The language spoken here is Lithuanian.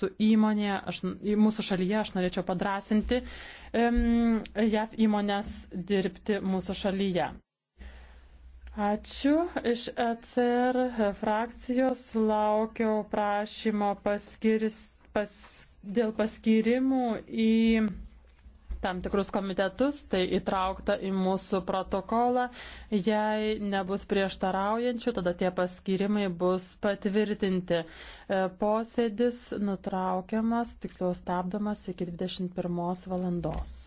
su įmonė, aš, mūsų šalyje aš norėčiau padrasinti um, JAV įmonės dirbti mūsų šalyje. Ačiū. Iš ECR frakcijos laukiau prašymo paskiris, pas, dėl paskirimų į tam tikrus komitetus, tai įtraukta į mūsų protokolą. Jei nebus prieštaraujančių, tada tie paskirimai bus patvirtinti. E, posėdis nutraukiamas, tiksliau stabdomas iki 21 valandos.